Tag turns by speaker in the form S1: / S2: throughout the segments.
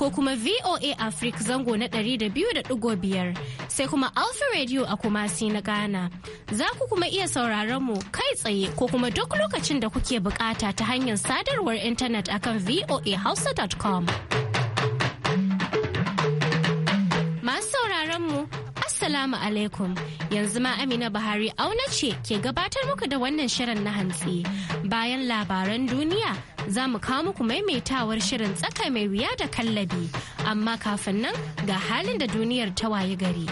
S1: ko kuma VOA Africa zango na 200.5 sai kuma Alpha Radio a Kumasi na Ghana. Za ku kuma iya sauraron mu kai tsaye ko kuma duk lokacin da kuke bukata ta hanyar sadarwar intanet akan voahausa.com. Masu sauraron Assalamu alaikum yanzu ma Amina Buhari auna ce ke gabatar muku da wannan shirin na hantsi bayan labaran duniya za mu kawo muku maimaitawar shirin tsaka mai wuya da kallabi amma kafin nan ga halin da duniyar ta waye gari.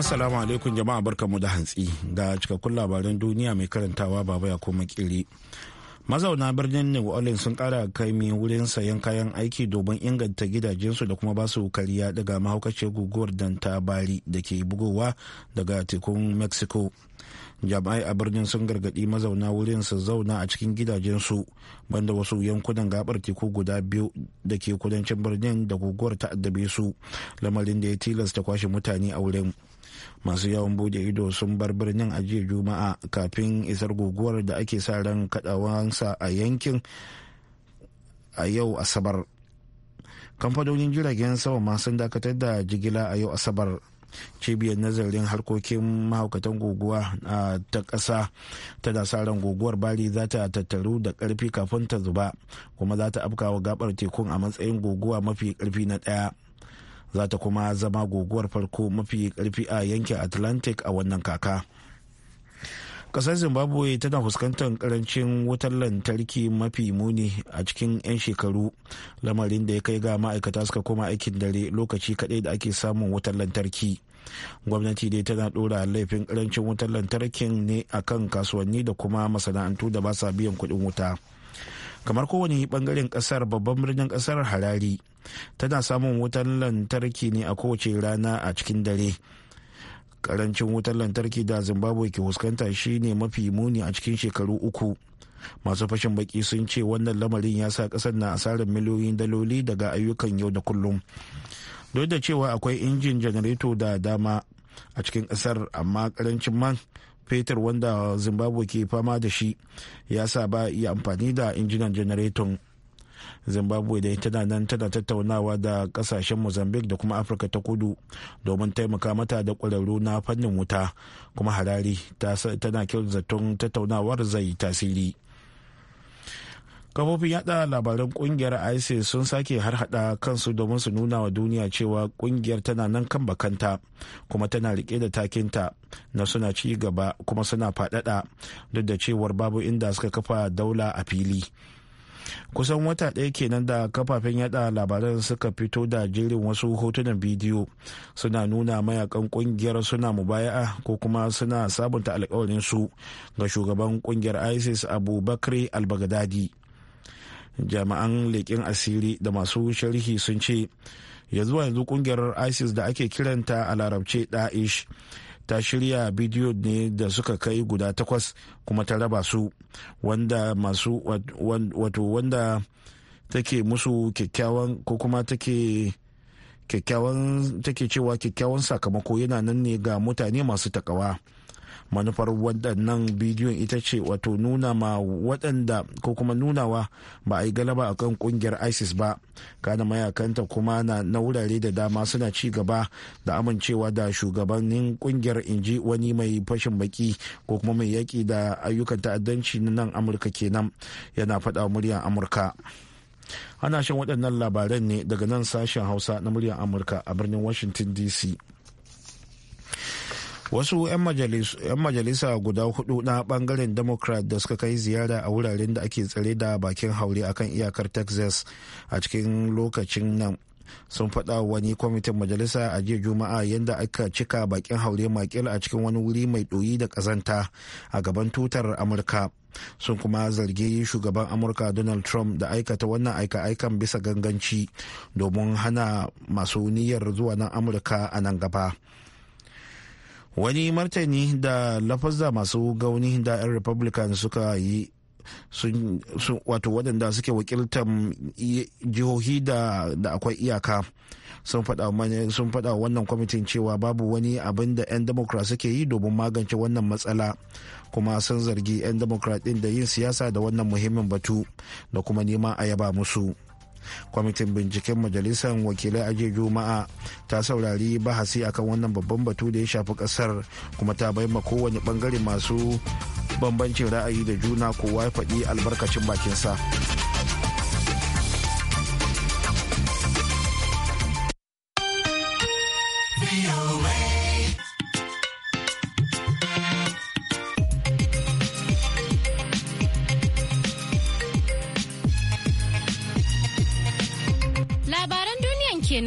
S2: Assalamu alaikum jama'a barkanmu da hantsi ga cikakkun labaran duniya mai karantawa baba ya koma kiri. Mazauna birnin New Orleans sun kara kaimi wurin sayan kayan aiki domin inganta gidajensu da kuma basu kariya daga mahaukaciyar guguwar dan ta bari da ke bugowa daga tekun Mexico. Jami'ai a birnin sun gargadi mazauna wurin su zauna a cikin gidajensu banda wasu yankunan gabar teku guda biyu da ke kudancin birnin da guguwar ta addabe su lamarin da ya tilasta kwashe mutane a wurin. masu yawon bude ido sun bar birnin a jiya juma'a kafin isar guguwar da ake sa ran kadawansa a yankin a yau asabar kamfanonin jiragen sama ma sun dakatar da jigila a yau asabar cibiyar nazarin harkokin mahaukatan guguwa ta ƙasa ta ran guguwar bali za ta tattaru da ƙarfi kafin ta zuba kuma za ta afkawa gabar tekun a matsayin guguwa mafi ƙarfi na ɗaya za ta kuma zama guguwar farko mafi karfi a yankin atlantic a wannan kaka kasar zimbabwe tana fuskantar karancin wutar lantarki mafi muni a cikin 'yan shekaru lamarin da ya kai ga ma'aikata suka koma aikin dare lokaci kaɗai da ake samun wutar lantarki gwamnati dai tana ɗora laifin karancin wutar lantarki ne a kan kasuwanni da kuma masana'antu da ba sa biyan kuɗin wuta kamar kowane ɓangaren ƙasar babban birnin ƙasar harari tana samun wutar lantarki ne a kowace rana a cikin dare karancin wutar lantarki da zimbabwe ke fuskanta shine mafi muni a cikin shekaru uku masu fashin baki sun ce wannan lamarin ya sa kasar na asarar miliyoyin daloli daga ayyukan yau da kullum duk da cewa akwai injin janareto da dama a cikin kasar amma karancin man fetur wanda zimbabwe ke fama da shi ya sa ba iya amfani da injinan janareton zimbabwe dai tana nan tana tattaunawa da kasashen mozambique da kuma afirka ta kudu domin taimaka mata da kwararru na fannin wuta kuma harari tana kyau zaton tattaunawar zai tasiri kafofin yada labaran kungiyar isis sun sake harhada kansu domin su nuna wa duniya cewa kungiyar tana nan kan bakanta kuma tana rike da takinta na suna ci gaba kuma suna faɗaɗa duk da cewar babu inda suka kafa daula a fili kusan wata ɗaya kenan da kafafen yada labaran suka fito da jerin wasu hotunan bidiyo suna nuna mayakan kungiyar suna mubaya'a ko kuma suna sabunta alkawarin su ga shugaban kungiyar isis abubakar al albagadadi jami'an leƙin asiri da masu sharhi sun ce yanzu wa yanzu kungiyar isis da ake kiranta a larabce da'ish ta shirya bidiyo ne da suka kai guda takwas kuma ta raba su wanda masu wato wanda take musu kyakkyawan ko kuma take kyakkyawan take cewa kyakkyawan sakamako yana nan ne ga mutane masu takawa manufar waɗannan bidiyon ita ce wato nuna ma waɗanda ko kuma nunawa ba a yi galaba a kan ƙungiyar isis ba kana mayakanta kuma na wurare da dama suna ci gaba da amincewa da shugabannin ƙungiyar inji wani mai fashin baki ko kuma mai yaƙi da ayyukan ta'addanci na nan amurka kenan yana faɗa muryar amurka ana shan waɗannan labaran ne daga nan sashen hausa na muryar amurka a birnin washington dc wasu 'yan majalisa guda hudu na bangaren democrat da suka kai ziyara a wuraren da ake tsare da bakin haure akan iyakar texas a cikin lokacin nan sun faɗa wani kwamitin majalisa a jiya juma'a yadda aka cika bakin haure makil a cikin wani wuri mai ɗoyi da ƙazanta a gaban tutar amurka sun kuma zargi shugaban amurka donald trump da aikata wannan aika-aikan bisa ganganci domin hana masu niyyar zuwa nan amurka a nan gaba wani martani da lafazza masu gauni da 'yan republican suka yi sun wato waɗanda suke wakiltar jihohi da akwai iyaka sun faɗa wannan kwamitin cewa babu wani abin da 'yan democrat suke yi domin magance wannan matsala kuma sun zargi 'yan democrat ɗin da yin siyasa da wannan muhimmin batu da kuma neman a yaba musu kwamitin binciken majalisar wakilai aje juma'a ta saurari bahasi akan wannan babban batu da ya shafi kasar kuma ta bai ma kowane bangare masu bambancin ra'ayi da juna kowa ya faɗi albarkacin bakinsa.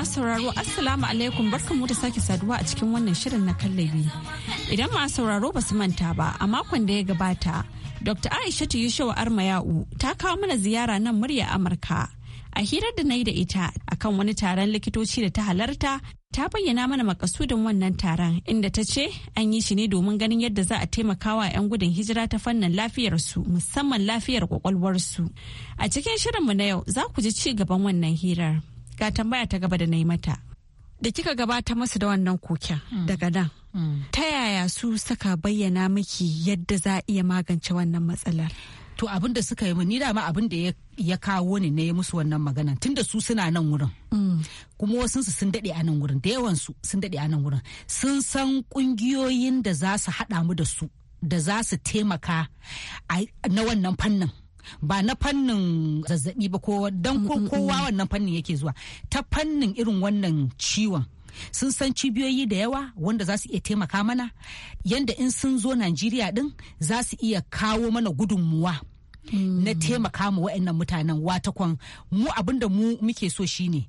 S3: masu sauraro Assalamu alaikum barkanmu da sake saduwa a cikin wannan shirin na kallabi. Idan masu sauraro ba su manta ba a makon da ya gabata, Dr. Aishatu Yushewa Armayau ta kawo mana ziyara nan murya Amurka. A hirar da na yi da ita akan wani taron likitoci da ta halarta ta bayyana mana makasudin wannan taron inda ta ce an yi shi ne domin ganin yadda za a taimaka wa 'yan gudun hijira ta fannin lafiyarsu musamman lafiyar kwakwalwarsu a cikin shirinmu na yau za ku ji ci gaban wannan hirar ga tambaya ta gaba da na mata da kika gabata masu da wannan koken hmm. daga nan hmm. ta yaya su saka bayyana miki yadda za a iya magance wannan matsalar
S4: to abin da suka yi ni dama abin da ya kawo ni na yi musu wannan magana tun da su suna nan wurin hmm. kuma wasu su sun daɗe a nan wurin da yawan su sun daɗe a nan wurin sun san ƙungiyoyin da za su haɗa mu da su da za su taimaka na wannan fannin ba na fannin zazzabi ba ko dan mm, mm, kowa mm. wannan fannin yake zuwa ta fannin irin wannan ciwon sun san cibiyoyi da yawa wanda za su iya taimaka mana yanda in sun zo Najeriya din za su iya kawo mana gudunmuwa na taimaka mu wa'annan mutanen watakon mu abinda mu muke so shine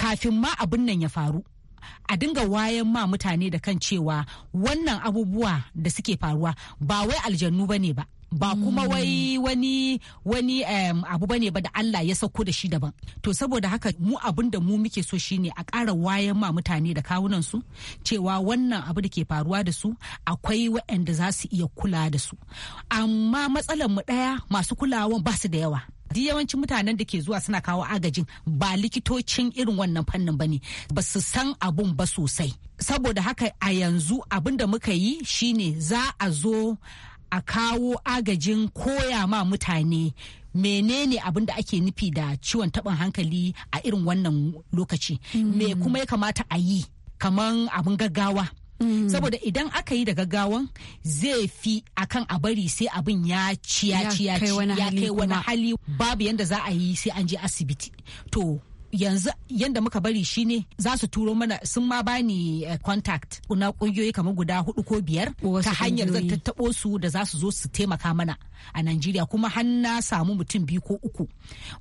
S4: kafin ma abin nan ya faru a dinga wayan ma mutane da kan cewa wannan abubuwa da suke faruwa ba wai aljannu ba ne ba ba kuma hmm. wai wani wani abu bane ba da Allah ya sauko da shi daban to saboda haka mu abin da mu muke so shine a ƙara wayan ma mutane da kawunan su cewa wannan abu da ke faruwa da su akwai waɗanda za su iya kula da su amma matsalar mu ɗaya masu kulawan ba su da yawa Di yawancin mutanen da ke zuwa suna kawo agajin ba likitocin irin wannan fannin ba ne ba su san abun ba sosai saboda haka a yanzu abin da muka yi shine za a zo a kawo agajin koya ma mutane menene abin da ake nufi da ciwon taɓin hankali a irin wannan lokaci me mm. kuma ya kamata a yi kaman abin gaggawa mm. saboda idan aka yi da gaggawan zai fi akan a bari sai abin ya ci ya ci ya kai wani hali babu yadda za a yi sai an je asibiti to yanzu yanda muka bari shi ne za su turo mana sun ma bani eh, contact na kungiyoyi kamar guda hudu ko biyar ta hanyar zan tattabo su da za su zo su taimaka mana a Najeriya kuma har na samu mutum biyu ko uku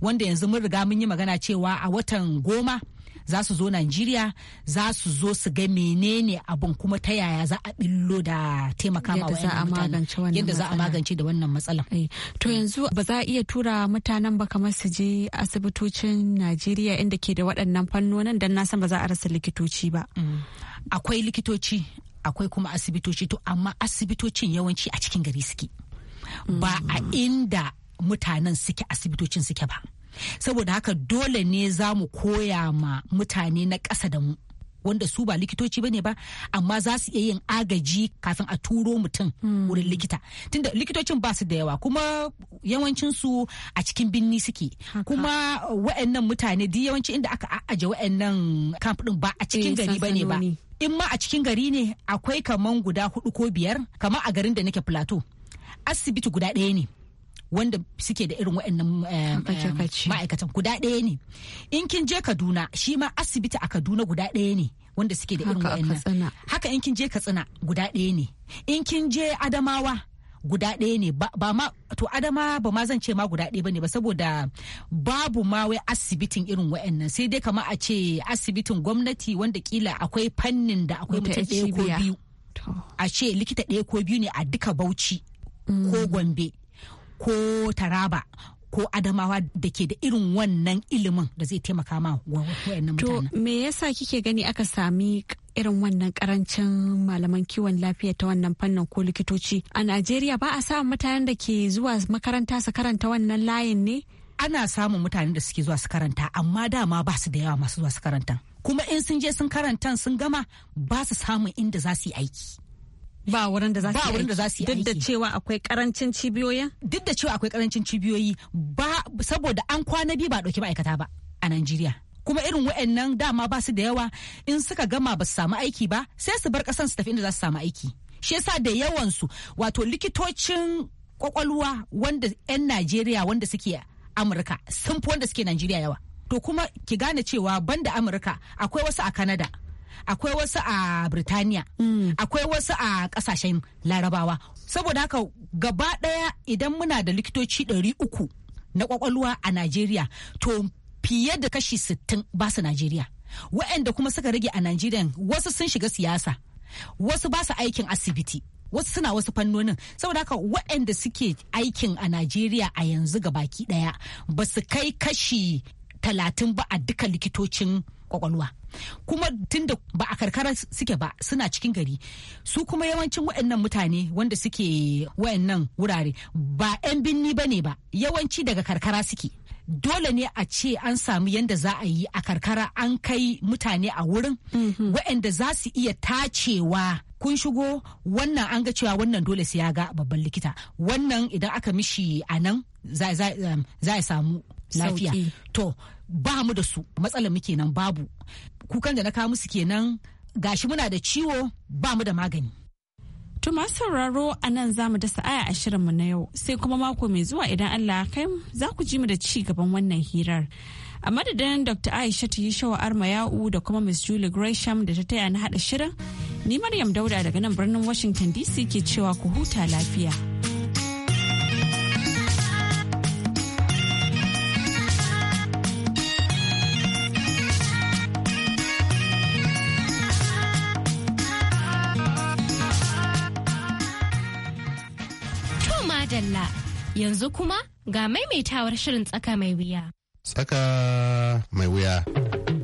S4: wanda yanzu mun riga mun yi magana cewa a watan goma za su zo Najeriya za su zo su ga menene abin kuma ta yaya za
S3: a billo da taimaka ma wayannan mutane yadda za a magance da wannan matsala. Eh, to yanzu ba za a iya tura mutanen ba kamar su je asibitocin Najeriya inda ke da waɗannan fannonin dan na san ba za a rasa likitoci ba.
S4: Mm. Akwai likitoci akwai kuma asibitoci to amma asibitocin yawanci a cikin gari suke. Ba a mm. inda mutanen suke asibitocin suke ba. saboda haka dole ne za mu koya ma mutane na ƙasa da mu wanda su ba likitoci ne ba amma za su iya yin agaji kafin a turo mutum hmm. wurin likita tunda likitocin ba su da yawa kuma yawancinsu su a cikin binni suke kuma wa'annan mutane du yawanci inda aka aje wa'annan kamfudin ba a cikin eh, gari bane ba in ma a cikin gari ne akwai kaman guda hudu ko biyar kamar a garin da nake plateau asibiti guda ɗaya ne wanda suke da irin waɗannan eh, eh, ma'aikatan guda ɗaya ne in kin je kaduna shi ma asibiti a kaduna guda ɗaya ne wanda suke da irin waɗannan haka in kin je katsina guda ɗaya ne in kin je adamawa guda ɗaya ne ba ma to adama ba ma zan ce ma guda ɗaya bane ba saboda babu ma wai asibitin irin wa'annan sai dai kama a ce asibitin gwamnati wanda kila akwai fannin da akwai mutum ɗaya ko biyu a ce likita ɗaya ko biyu ne a duka bauchi ko mm. gombe ko taraba ko adamawa da ke da irin wannan ilimin da zai taimaka ma wa mutanen. To
S3: me yasa kike gani aka sami irin wannan karancin malaman kiwon lafiya ta wannan fannin ko likitoci a Najeriya ba a samun mutanen da ke zuwa makaranta su karanta wannan layin ne? Ana samun mutanen da suke zuwa su karanta amma dama ba su da yawa
S4: masu zuwa su karanta. Kuma in sun je sun karanta sun gama ba su samun inda za su yi aiki. ba wurin da za su ba wurin da za su yi duk da cewa akwai karancin cibiyoyi. duk da cewa akwai karancin cibiyoyi ba saboda an kwana biyu ba dauki ma'aikata ba a Najeriya kuma irin wa'annan dama ba su da yawa in suka gama ba su samu aiki ba sai su bar kasan su tafi inda za su samu aiki shi yasa da yawan su wato likitocin kwakwalwa wanda 'yan Najeriya wanda suke Amurka sun fi wanda suke Najeriya yawa to kuma ki gane cewa banda Amurka akwai wasu a Canada akwai wasu a Birtaniya mm. akwai wasu a kasashen larabawa saboda haka gaba ɗaya idan muna da likitoci ɗari uku na ƙwaƙwalwa a Najeriya to fiye da kashi sittin ba su Najeriya wa'anda kuma suka rage a Najeriya wasu sun shiga siyasa wasu ba su aikin asibiti wasu suna wasu fannonin saboda haka waɗanda suke aikin a najeriya a yanzu ga baki ɗaya ba su kai kashi talatin ba a duka likitocin kwakwalwa kuma tunda ba a karkara suke ba suna cikin gari su kuma yawancin waɗannan mutane wanda suke waɗannan wurare ba 'yan binni ba ne ba yawanci daga karkara suke dole ne a ce an samu yadda za a yi a karkara an kai mutane a wurin mhm. waɗanda za su iya tacewa kun shigo wannan an ga cewa wannan dole su ya ga babban likita wannan idan aka mishi a nan za a samu lafiya to ba mu da su matsalar mu nan babu kukan da na kawo musu kenan gashi muna da ciwo ba mu da magani
S3: To masu sauraro a nan za mu dasa aya a shirin mu na yau sai kuma mako mai zuwa idan Allah kai za ku ji mu da ci gaban wannan hirar. A madadin Dr. Aisha ta yi shawa arma ya'u da kuma Miss Julie Gresham da ta taya na hada shirin, ni Maryam Dauda daga nan birnin Washington DC ke cewa ku huta lafiya.
S1: madalla yanzu kuma ga maimaitawar shirin tsaka mai wuya.
S5: Tsaka mai wuya.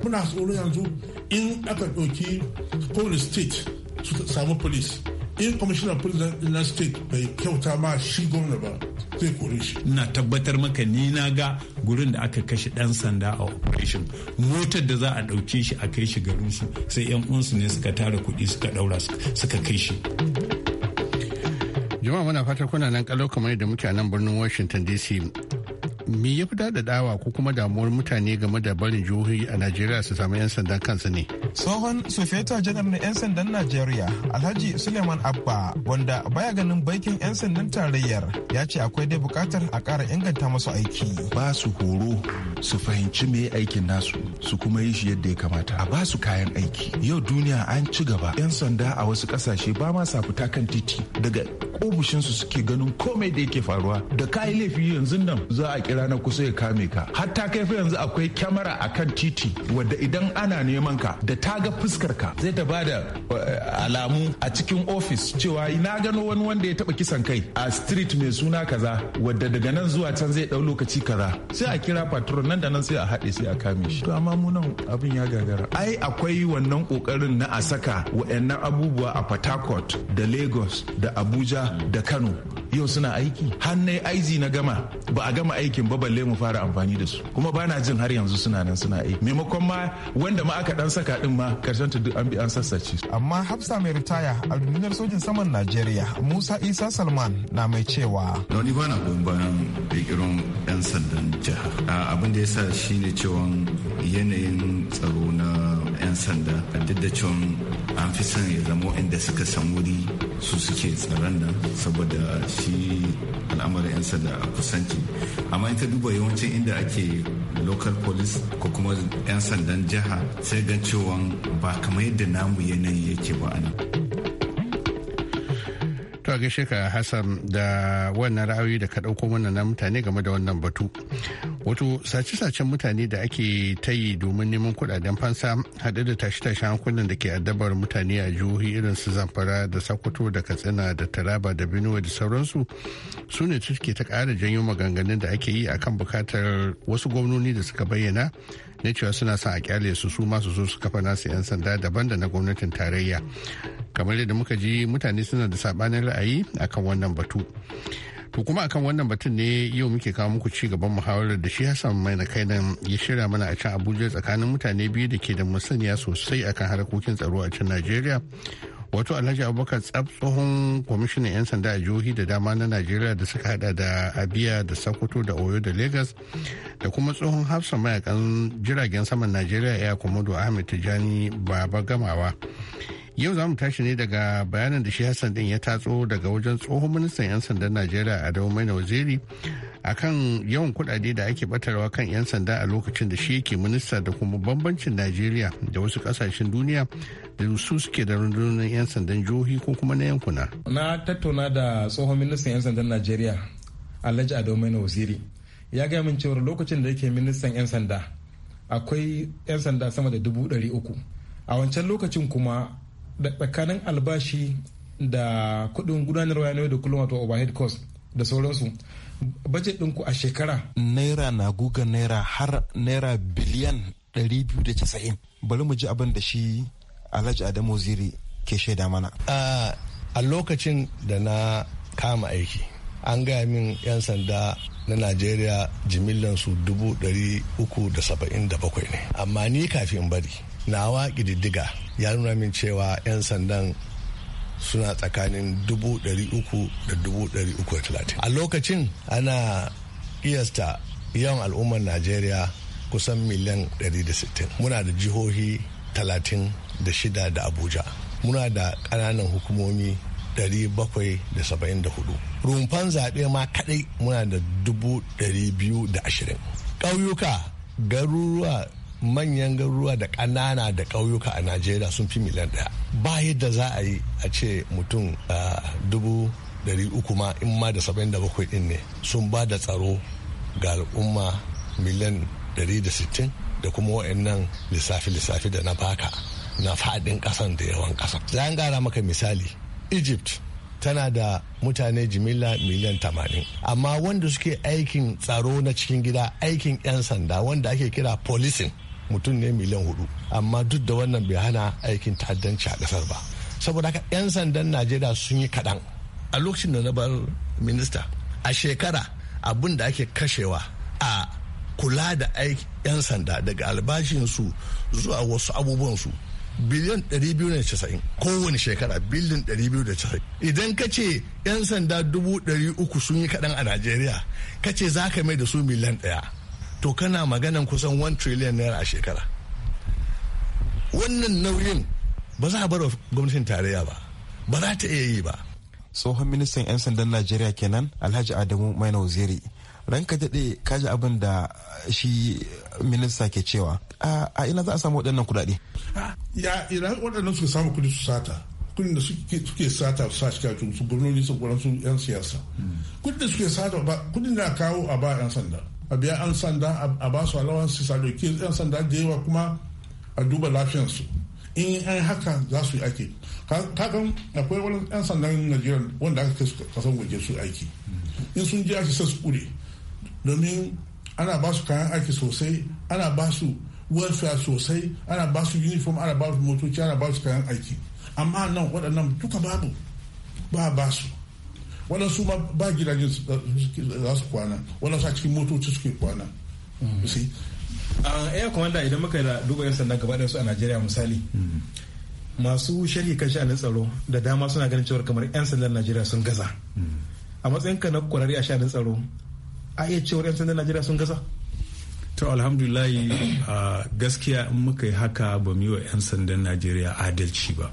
S6: Muna tsoro yanzu in aka ɗauki kowane state su samu police.
S7: in kwamishinan prison na state bai kyauta ma shi gwamna ba zai kore shi. Na tabbatar maka ni na ga gurin da aka kashe dan sanda a operation motar da
S5: za a ɗauke shi a kai shi garin su sai 'yan uwansu ne suka tara kuɗi suka ɗaura suka kai shi. Jama'a muna fatar kuna nan kalau kamar da muke a nan birnin Washington DC. Me ya fi dawa ko kuma damuwar mutane game da barin jihohi a Najeriya su samu 'yan sandan kansu ne? Tsohon
S8: Sufeta Janar na 'yan sandan Najeriya Alhaji Suleiman Abba wanda baya ganin baikin 'yan sandan tarayyar ya ce akwai dai bukatar a ƙara inganta masu aiki. Ba su horo su fahimci me aikin nasu su kuma yi shi yadda ya kamata a ba su kayan aiki. Yau duniya an ci gaba 'yan sanda a wasu ƙasashe ba ma sa fita kan titi daga ofishinsu suke ganin komai da yake faruwa da kayi laifi yanzu nan za a kira na kusa ya kame ka hatta kai fa yanzu akwai kyamara a kan titi wadda idan ana neman ka da ta ga fuskar ka zai ta bada eh, alamu a cikin ofis cewa na gano wani wanda ya taba kisan kai a street mai suna kaza wadda daga nan zuwa can zai dau lokaci kaza sai a kira patron nan da nan sai a haɗe sai a kame shi to amma mu nan abin ya gagara ai akwai wannan kokarin na a saka wa'annan abubuwa a Port da Lagos da Abuja da kano yau suna aiki hannai aizi na gama ba a gama aikin ba balle mu fara amfani da su kuma bana jin har yanzu suna nan suna aiki maimakon ma wanda ma aka dan saka din ma karshen ta duk an bi an sassace amma hafsa mai ritaya a rundunar sojin saman najeriya musa isa salman na mai cewa
S5: don ba na goyon bayan kirkiron yan sandan jiha ah, abin da ya sa shine cewa yanayin tsaro na 'yan sanda duk da an fi son ya zama inda suka san wuri su suke tsaron nan saboda shi al'amarin 'yan sanda a kusanci amma ita duba yawancin inda ake local police ko kuma 'yan sandan jiha sai ga cewa ba kamar yadda namu yanayi yake ba a nan gaishe ka Hassan da wannan ra'ayoyi da ka ɗauko mana na mutane game da wannan batu. Wato sace-sacen mutane da ake ta yi domin neman kuɗaɗen fansa haɗe da tashe-tashen hankulan da ke addabar mutane a jihohi irin su Zamfara da sakoto da Katsina da Taraba da Benue da sauransu su ne suke ta ƙara janyo maganganun da ake yi akan bukatar wasu gwamnoni da suka bayyana na cewa suna sa a kyale su su masu zo su kafa nasu 'yan sanda daban da na gwamnatin tarayya kamar yadda muka ji mutane suna da sabanin ra'ayi akan wannan batu to kuma akan wannan batun ne yau muke kawo muku ci gaban muhawarar da shi hassan mai na kai nan ya shirya mana a can abuja tsakanin mutane biyu da ke da musaniya sosai akan harkokin tsaro a can najeriya wato alhaji abubakar tsab tsohon kwamishinan 'yan sanda a jihohi da dama na najeriya da suka hada da abia da sakoto da oyo da lagos da kuma tsohon hafsa mayakan jiragen saman najeriya ya komodo ahmed tijani baba gamawa yau za mu tashi ne daga bayanin da shi hassan din ya tatso daga wajen tsohon ministan 'yan sandan najeriya adamu maina waziri akan yawan kuɗaɗe da ake batarwa kan 'yan sanda a lokacin da shi yake minista da kuma bambancin najeriya da wasu kasashen duniya da su suke da rundunar 'yan sandan jihohi ko kuma na yankuna
S8: na tattauna da tsohon ministan 'yan sandan najeriya alhaji adomai waziri ya gaya min cewar lokacin da yake ministan 'yan sanda akwai 'yan sanda sama da dubu ɗari uku a wancan lokacin kuma da tsakanin albashi da kuɗin gudanarwa na yau da kullum wato overhead cost da sauransu budget ɗinku a shekara naira na guga naira har naira biliyan 290 bari mu ji abin da shi alhaji adamu ziri ke shaida mana a
S9: lokacin da na kama aiki an gaya min 'yan sanda na najeriya jimillan su 377 ne amma ni kafin bari nawa ƙididdiga ya nuna min cewa 'yan sandan suna tsakanin 300 da 330 a lokacin ana iyasta yawan al'ummar najeriya kusan miliyan 160 muna da jihohi 36 da abuja muna da ƙananan hukumomi 774 rumfan zaɓe ma kadai muna da 220 ƙauyuka garuruwa manyan garuruwa da ƙanana da ƙauyuka a najeriya sun fi miliyan ɗaya ba yadda za a yi a ce mutum dubu dari uku ma in ma da saba'in da bakwai ɗin ne sun ba da tsaro ga al'umma miliyan dari da sittin da kuma wa'annan lissafi-lissafi da na baka na faɗin ƙasan da yawan ƙasa za an gara maka misali egypt tana da mutane jimila miliyan tamanin amma wanda suke aikin tsaro na cikin gida aikin 'yan sanda wanda ake kira policing mutum ne miliyan hudu amma duk da wannan bai hana aikin ta'addanci a kasar ba saboda haka 'yan sandan najeriya sun yi kaɗan a lokacin da na bar minista a shekara abin da ake kashewa a kula da 'yan sanda daga albashinsu zuwa wasu abubuwansu biliyan 290 kowane shekara biliyan 290 idan ka ce 'yan sanda 300 sun yi kaɗan a najeriya ka ce za ka mai da su miliyan ɗaya to kana maganan kusan 1 trillion naira a shekara wannan nauyin ba za a bar gwamnatin tarayya ba ba za ta
S8: iya yi ba tsohon ministan 'yan sandan najeriya kenan alhaji adamu maina waziri ranka daɗe kaji abin da shi minista ke cewa a ina za a samu
S6: waɗannan kuɗaɗe ya ina waɗannan suka samu kuɗi su sata kudin da suke sata su sashi kajin su gurnoni su gwamnoni yan siyasa hmm. kudin da suke sata ba kudin da kawo a ba yan sanda a biya an sanda a ba su alawansu su doki 'yan sanda da yawa kuma a duba lafiyansu in an haka za su yi aiki kakan akwai wani 'yan sandan najeriya wanda aka kai kasan waje su aiki in sun je aiki sai su kure domin ana ba su kayan aiki sosai ana ba su welfare sosai ana ba su uniform ana ba su motoci ana ba su kayan aiki amma nan waɗannan duka babu ba ba su waɗansu ma ba gidaje za su kwana waɗansu a cikin motoci suke kwana a air commander idan muka yi duba yan sannan
S8: gaba su a najeriya misali hmm. masu shari'a kan sha'anin tsaro da dama suna ganin cewar kamar yan sandan najeriya sun gaza hmm. a matsayin ka na kwararre a sha'anin tsaro a iya cewar yan sandan najeriya sun gaza
S7: to alhamdulillahi gaskiya in muka yi haka ba mu yi wa yan sandan najeriya adalci ba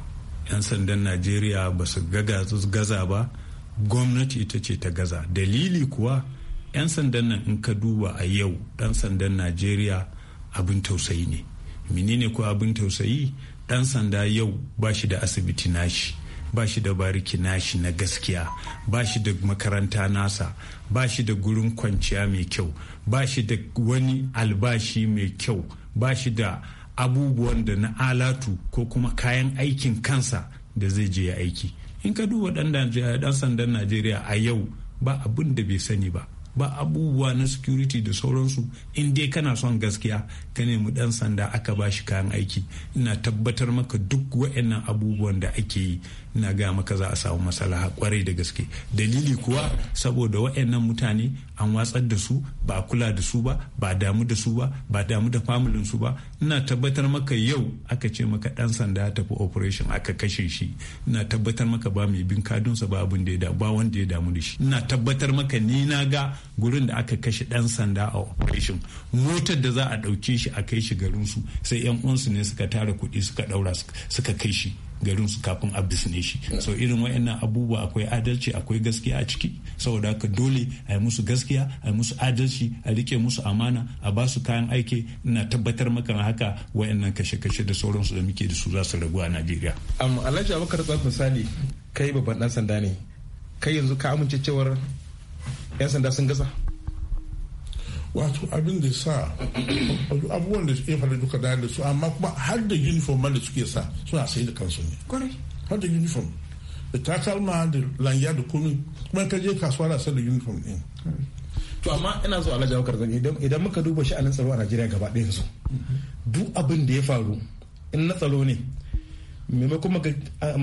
S7: yan sandan najeriya ba su gaza ba gwamnati ita ce ta gaza dalili kuwa 'yan sandan nan in ka duba a yau dan sandan najeriya abin tausayi ne menene ko abin tausayi dan sanda yau ba shi da asibiti nashi ba shi da bariki nashi na gaskiya ba shi da makaranta nasa ba shi da gurin kwanciya mai kyau ba shi da wani albashi mai kyau ba shi da abubuwan da na alatu ko kuma kayan aikin kansa da zai je ya aiki in ka duba dan sandan najeriya a yau ba abin da bai sani ba ba abubuwa na security da sauransu in dai kana son gaskiya ka nemi dan sanda aka ba shi kayan aiki ina tabbatar maka duk wa'annan abubuwan da ake yi ina ga maka za a samu matsala kwarai da gaske dalili kuwa saboda wa'annan mutane an watsar da su ba a kula da su ba ba damu da su ba ba damu da familin su ba ina tabbatar maka yau aka ce maka dan sanda ya tafi operation aka kashe shi ina tabbatar maka ba mai bin sa ba abin da ya ba wanda ya damu da shi ina tabbatar maka ni na ga gurin da aka kashe dan sanda a operation motar da za a dauke shi a kai shi garin su sai yan uwansu ne suka tara kuɗi suka daura suka kai shi garin su kafin a bisne shi sau irin wayannan abubuwa akwai adalci akwai gaskiya a ciki saboda haka dole a yi musu gaskiya a yi musu adalci a rike musu amana a ba su kayan aiki ina tabbatar maka haka wayannan kashe-kashe da sauransu da muke da su za su ragu a Najeriya.
S8: amma Alhaji Abubakar tsar misali kai babban dan sanda ne kai yanzu ka amince cewar 'yan sanda sun gasa
S6: wato abin da sa abubuwan da suke faru duka da da su amma kuma har da uniform da suke sa suna sai da kansu ne har da uniform da takalma da lanya da komi kuma ka je kasuwa da sai da uniform din
S8: to amma ina zuwa alhaji abubakar zan idan muka duba sha'anin tsaro a najeriya gaba ɗaya yanzu duk abin da ya faru in na tsaro ne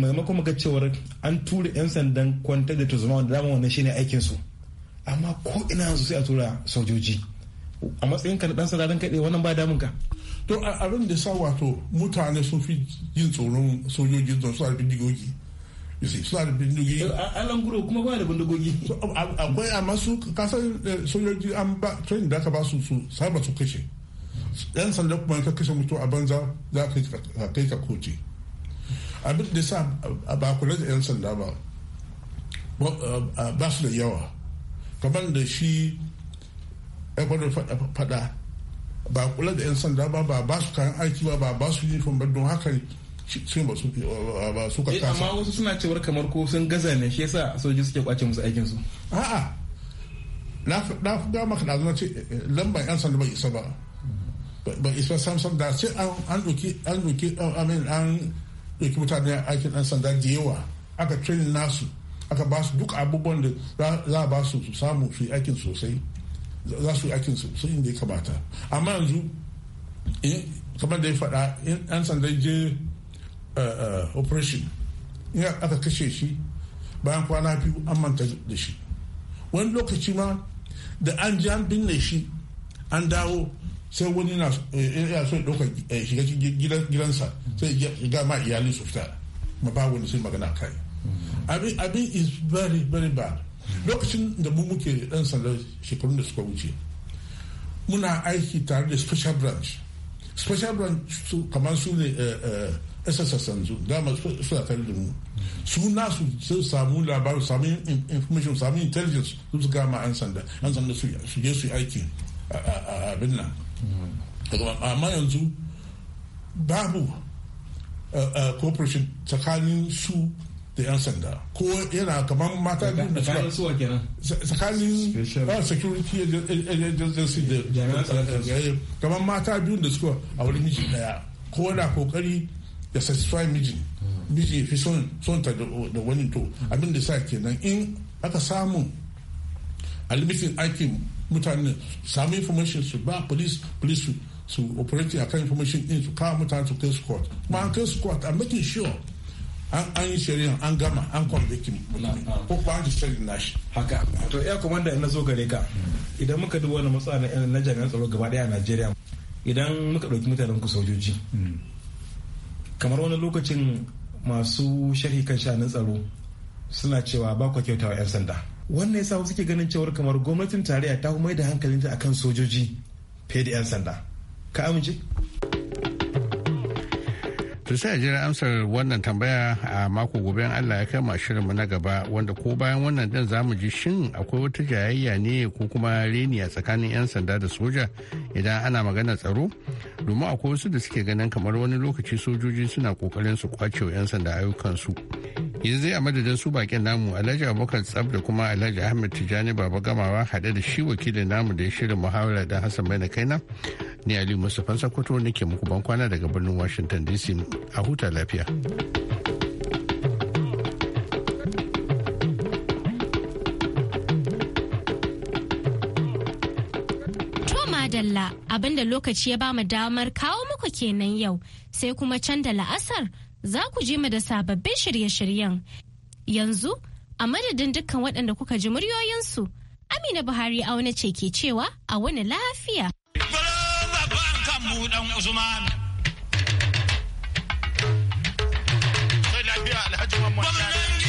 S8: maimakon maka cewar an tura 'yan sandan kwantar da tuzuma wanda dama wannan shine aikinsu amma ko ina yanzu sai a tura
S6: sojoji a matsayin ka na dan sararin kaɗe wannan ba damun ka to a ran da sa wato mutane sun fi jin tsoron sojoji don suna da bindigogi suna da bindigogi eh, alan guro kuma ba da bindigogi akwai amma su kasar eh, sojoji an ba training da aka ba su su saba su kashe yan sanda kuma ka kashe mutu a banza za ka kai ka koci abin da sa ba kula da yan sanda ba ba eh, su da yawa kamar da shi ekwado fada ba kula da 'yan sanda ba ba ba su kayan aiki ba ba ba su uniform ba don haka su ba su ba su ka eh, kasa amma
S8: wasu suna cewar kamar ko
S6: sun gaza ne shi yasa soji suke kwace musu aikin su a'a na na ga maka da ce lamba 'yan sanda bai isa ba ba isa sam da sai an doki an doki amin an doki uh, mutane aikin ɗan sanda da yawa aka training nasu aka ba su duk abubuwan da za a ba su samu su aikin sosai za su yi aikin su sun inda ya kamata amma yanzu kamar da ya faɗa in ɗan sanda je eh, eh, operation in aka kashe shi bayan kwana biyu an manta da shi wani lokaci ma da an ji an binne shi an dawo sai wani na eh, so ɗaukar shiga gidansa sai ga ma iyalin su fita ma ba wani sai magana kai mm. abin is very very bad lokacin da mu muke dan sanda shekarun da suka wuce muna aiki tare da special branch special branch su kamar su ne sss eh, eh, yanzu dama suna tare da mu su nasu sun samu labaru samu information samu intelligence su su gama an sanda an sanda su je su aiki a abin nan amma yanzu babu eh, cooperation tsakanin su da 'yan sanda ko yana kamar mata biyu da suka tsakanin security agency da eh, kamar mata biyu da suka a wurin miji daya ko da kokari ya satisfy miji miji fi son ta da wani to abin da sa kenan in aka samu a limitin aikin mutane samu information su ba police police su a akan information din su kawo mutane su kai su court ma an kai su court a making sure an yi shari'a an gama an kwamfikin ko kuma an ji shari'a nashi haka to ya komanda na zo gare ka idan muka
S8: duba wani matsa na jami'an tsaro gaba daya a najeriya idan muka ɗauki mutanen ku sojoji kamar wani lokacin masu sharhi kan shanin tsaro suna cewa ba ku kyautawa 'yan sanda wannan yasa wasu ke ganin cewar kamar gwamnatin tarayya ta mai da hankalinta akan sojoji fiye da 'yan sanda
S5: ka amince To sai a jira amsar wannan tambaya a mako gobe in Allah ya kai mu shirinmu na gaba wanda ko bayan wannan din zamu ji shin akwai wata jayayya ne ko kuma reni a tsakanin 'yan sanda da soja idan ana magana tsaro domin akwai wasu da suke ganin kamar wani lokaci sojoji suna kokarin su kwace wa 'yan sanda ayyukansu. yanzu zai a madadin su bakin namu alhaji abubakar tsab da kuma alhaji ahmed tijjani baba gamawa hade da shi wakilin namu da ya shirin muhawara da hassan bai na kaina ni aliyu mustapha ne nake muku ban kwana daga birnin washington dc a huta lafiya
S1: madalla abinda lokaci ya bamu damar kawo muku kenan yau sai kuma can da la'asar za ku je mu da sababbin shirye-shiryen yanzu a madadin dukkan waɗanda kuka ji muryoyinsu amina buhari auna ce ke cewa a wani lafiya
S10: Aliyu dan Usman. Sai lafiya Alhaji Mamman.